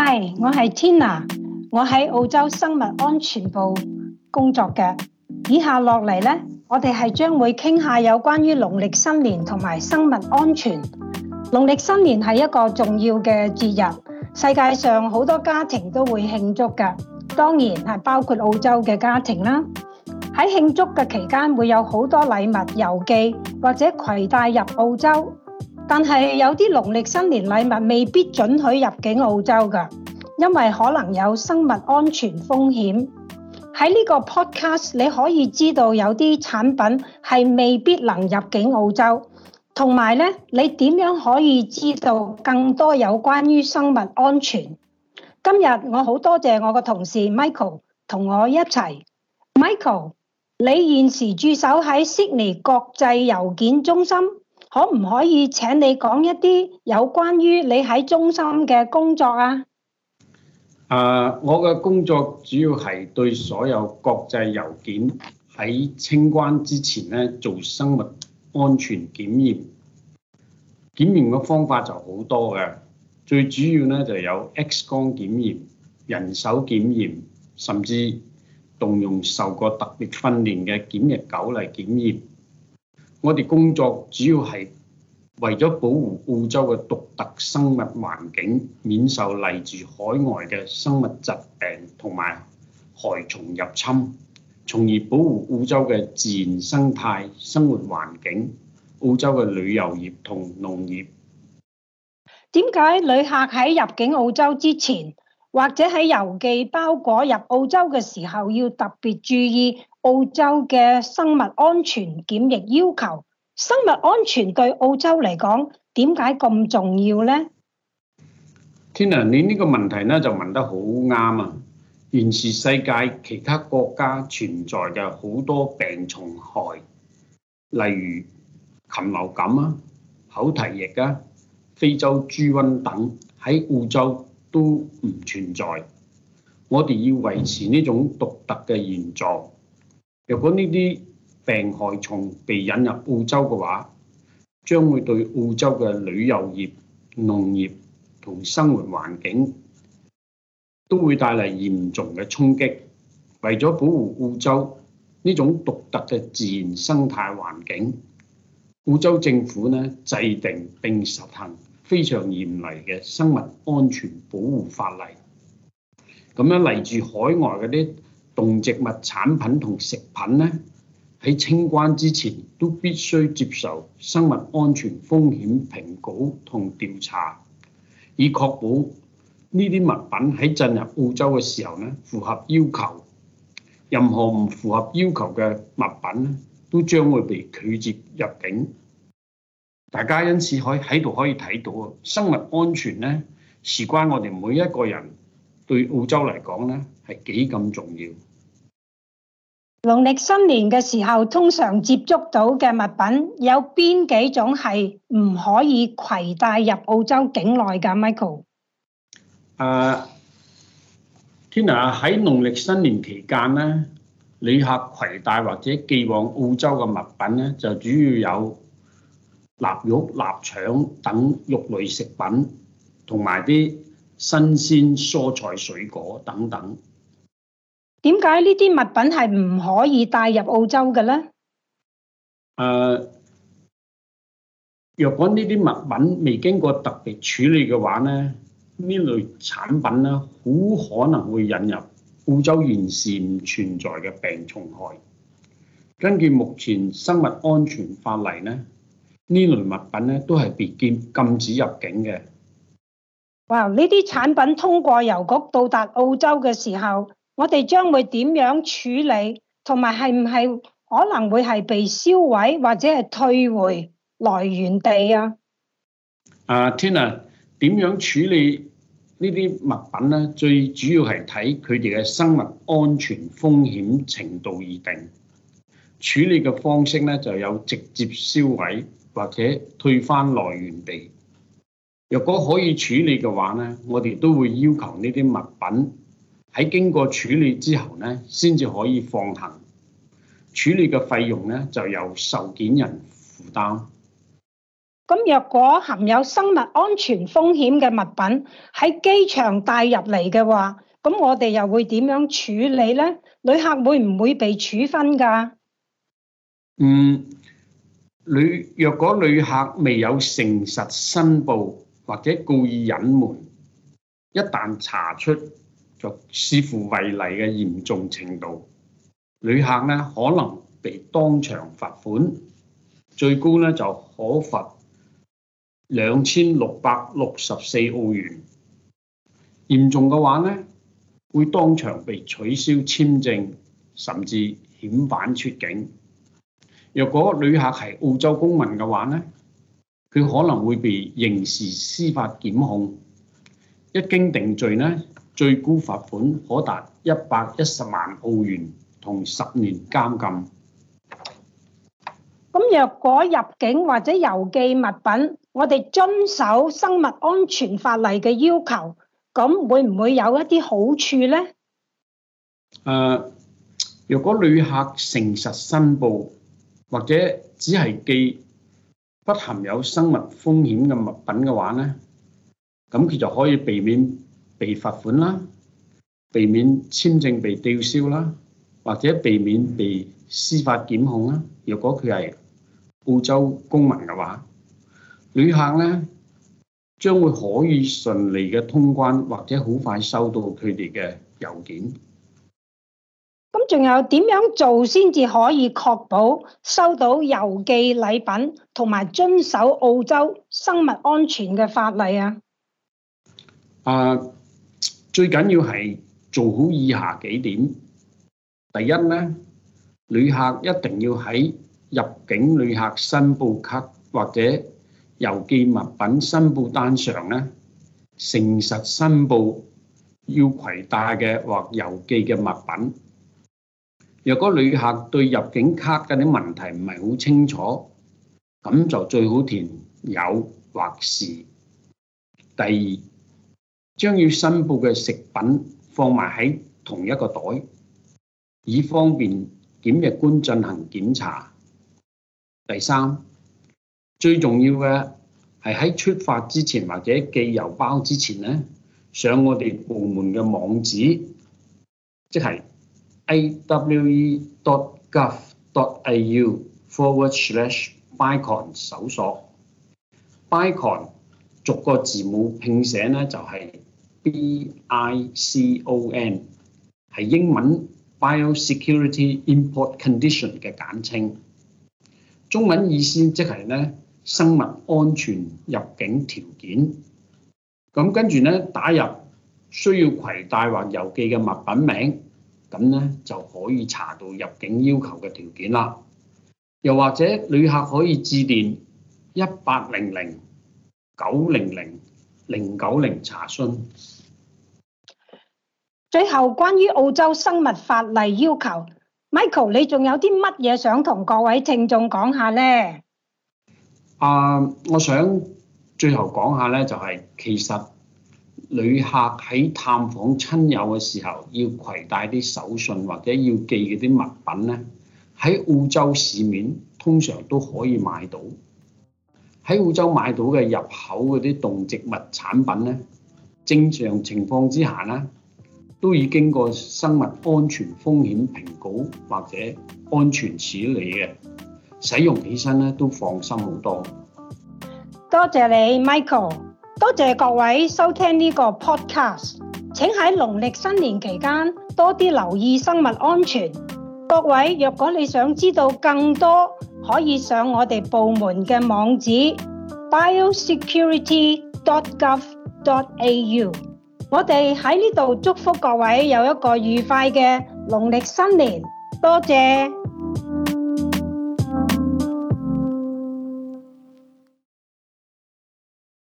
Hi，我係 Tina，我喺澳洲生物安全部工作嘅。以下落嚟呢，我哋係將會傾下有關於農曆新年同埋生物安全。農曆新年係一個重要嘅節日，世界上好多家庭都會慶祝噶，當然係包括澳洲嘅家庭啦。喺慶祝嘅期間，會有好多禮物郵寄或者攜帶入澳洲，但係有啲農曆新年禮物未必准許入境澳洲噶。因為可能有生物安全風險，喺呢個 podcast 你可以知道有啲產品係未必能入境澳洲，同埋呢你點樣可以知道更多有關於生物安全？今日我好多謝我個同事 Michael 同我一齊，Michael，你現時駐守喺悉尼國際郵件中心，可唔可以請你講一啲有關於你喺中心嘅工作啊？啊！Uh, 我嘅工作主要係對所有國際郵件喺清關之前呢做生物安全檢驗，檢驗嘅方法就好多嘅，最主要呢就有 X 光檢驗、人手檢驗，甚至動用受過特別訓練嘅檢疫狗嚟檢驗。我哋工作主要係，為咗保護澳洲嘅獨特生物環境，免受嚟自海外嘅生物疾病同埋害蟲入侵，從而保護澳洲嘅自然生態、生活環境、澳洲嘅旅遊業同農業。點解旅客喺入境澳洲之前，或者喺郵寄包裹入澳洲嘅時候，要特別注意澳洲嘅生物安全檢疫要求？生物安全對澳洲嚟講，點解咁重要呢？Tina 啊，你呢個問題呢就問得好啱啊！現時世界其他國家存在嘅好多病蟲害，例如禽流感啊、口蹄疫啊、非洲豬瘟等，喺澳洲都唔存在。我哋要維持呢種獨特嘅現狀。若果呢啲病害蟲被引入澳洲嘅話，將會對澳洲嘅旅遊業、農業同生活環境都會帶嚟嚴重嘅衝擊。為咗保護澳洲呢種獨特嘅自然生態環境，澳洲政府呢，制定並實行非常嚴厲嘅生物安全保護法例。咁樣嚟自海外嗰啲動植物產品同食品呢，喺清關之前，都必須接受生物安全風險評估同調查，以確保呢啲物品喺進入澳洲嘅時候呢，符合要求。任何唔符合要求嘅物品都將會被拒絕入境。大家因此可以喺度可以睇到啊，生物安全呢，事關我哋每一個人對澳洲嚟講呢係幾咁重要。農曆新年嘅時候，通常接觸到嘅物品有邊幾種係唔可以携帶入澳洲境內㗎，Michael？啊，Tina，喺農曆新年期間咧，旅客携帶或者寄往澳洲嘅物品咧，就主要有臘肉、臘腸等肉類食品，同埋啲新鮮蔬菜、水果等等。點解呢啲物品係唔可以帶入澳洲嘅呢？誒，uh, 若果呢啲物品未經過特別處理嘅話咧，呢類產品咧，好可能會引入澳洲現時唔存在嘅病蟲害。根據目前生物安全法例咧，呢類物品咧都係被禁禁止入境嘅。哇！呢啲產品通過郵局到達澳洲嘅時候，我哋將會點樣處理，同埋係唔係可能會係被燒毀，或者係退回來源地啊？啊，uh，Tina，點樣處理呢啲物品呢？最主要係睇佢哋嘅生物安全風險程度而定。處理嘅方式呢，就有直接燒毀，或者退翻來源地。若果可以處理嘅話呢，我哋都會要求呢啲物品。喺經過處理之後咧，先至可以放行。處理嘅費用咧，就由受件人負擔。咁若果含有生物安全風險嘅物品喺機場帶入嚟嘅話，咁我哋又會點樣處理呢？旅客會唔會被處分噶？嗯，旅若果旅客未有誠實申報或者故意隱瞞，一旦查出，就視乎違例嘅嚴重程度，旅客呢可能被當場罰款，最高呢就可罰兩千六百六十四澳元。嚴重嘅話呢，會當場被取消簽證，甚至遣返出境。若果旅客係澳洲公民嘅話呢，佢可能會被刑事司法檢控。一經定罪呢。最高罰款可達一百一十萬澳元同十年監禁。咁若果入境或者郵寄物品，我哋遵守生物安全法例嘅要求，咁會唔會有一啲好處呢？誒，若果旅客誠實申報或者只係寄不含有生物風險嘅物品嘅話呢，咁佢就可以避免。被罰款啦，避免簽證被吊銷啦，或者避免被司法檢控啦。若果佢係澳洲公民嘅話，旅客咧將會可以順利嘅通關，或者好快收到佢哋嘅郵件。咁仲有點樣做先至可以確保收到郵寄禮品同埋遵守澳洲生物安全嘅法例啊？啊！最緊要係做好以下幾點。第一呢，旅客一定要喺入境旅客申報卡或者郵寄物品申報單上呢，誠實申報要攜帶嘅或郵寄嘅物品。若果旅客對入境卡嗰啲問題唔係好清楚，咁就最好填有或是。第二。將要申報嘅食品放埋喺同一個袋，以方便檢疫官進行檢查。第三，最重要嘅係喺出發之前或者寄郵包之前呢，上我哋部門嘅網址，即係 a w e dot gov dot a u forward slash bicon 搜索 bicon 逐個字母拼寫呢，就係、是。B I C O N 係英文 biosecurity import condition 嘅簡稱，中文意思即係咧生物安全入境條件。咁跟住咧，打入需要攜帶或郵寄嘅物品名，咁咧就可以查到入境要求嘅條件啦。又或者旅客可以致電一八零零九零零。零九零查詢。最後，關於澳洲生物法例要求，Michael，你仲有啲乜嘢想同各位聽眾講下呢？啊，我想最後講下咧，就係其實旅客喺探訪親友嘅時候，要攜帶啲手信或者要寄嗰啲物品咧，喺澳洲市面通常都可以買到。喺澳洲買到嘅入口嗰啲動植物產品咧，正常情況之下咧，都已經過生物安全風險評估或者安全處理嘅，使用起身咧都放心好多。多謝你，Michael，多謝各位收聽呢個 podcast。請喺農曆新年期間多啲留意生物安全。各位，若果你想知道更多，可以上我哋部門嘅網址 biosecurity.gov.au。我哋喺呢度祝福各位有一個愉快嘅農曆新年。多謝。